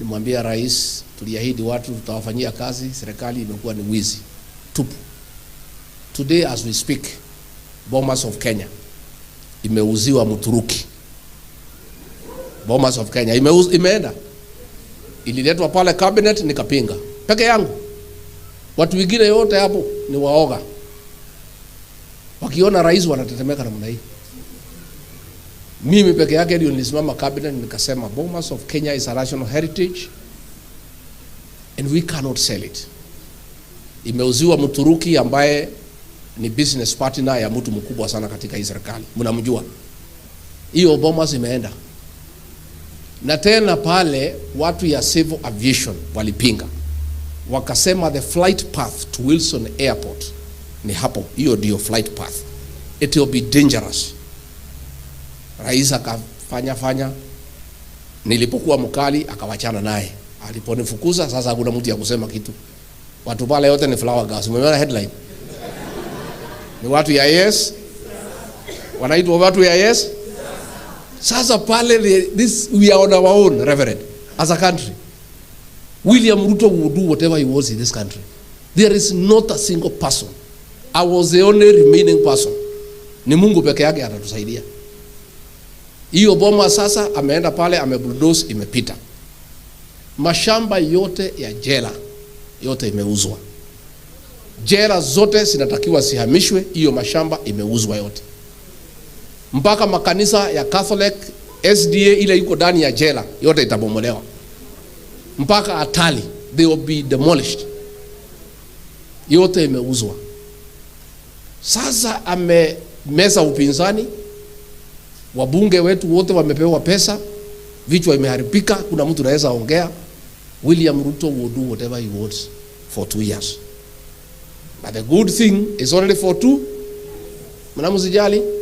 nimwambia rais, tuliahidi watu tutawafanyia kazi, serikali imekuwa ni wizi tupu. Today as we speak, Bomas of Kenya imeuziwa Mturuki. Bomas of Kenya imeuzi, imeenda ililetwa pale cabinet, nikapinga peke yangu. Watu wengine yote hapo ni waoga, wakiona rais wanatetemeka namna hii. Mimi peke yake ndio nilisimama cabinet nikasema Bomas of Kenya is a national heritage and we cannot sell it. Imeuziwa Mturuki ambaye ni business partner ya mtu mkubwa sana katika hii serikali. Mnamjua. Hiyo Bomas imeenda. Na tena pale watu ya civil aviation walipinga. Wakasema the flight path to Wilson Airport ni hapo. Hiyo ndio flight path. It will be dangerous rais akafanya fanya, nilipokuwa mkali akawachana naye, aliponifukuza sasa hakuna mtu ya kusema kitu. Watu pale wote ni flower girls. Umeona headline ni watu ya yes, wanaitwa watu ya yes. Sasa pale this we are on our own reverend as a country. William Ruto would do whatever he wants in this country. There is not a single person. I was the only remaining person. Ni Mungu peke yake atatusaidia. Hiyo boma sasa ameenda pale amebuldoze imepita. Mashamba yote ya jela yote imeuzwa, jela zote zinatakiwa zihamishwe, hiyo mashamba imeuzwa yote, mpaka makanisa ya Catholic SDA ile iko ndani ya jela yote itabomolewa, mpaka atali they will be demolished, yote imeuzwa. Sasa amemeza upinzani Wabunge wetu wote wamepewa pesa, vichwa imeharibika, kuna mtu anaweza ongea. William Ruto will do whatever he wants for two years. But the good thing is already for two. Mnamsijali?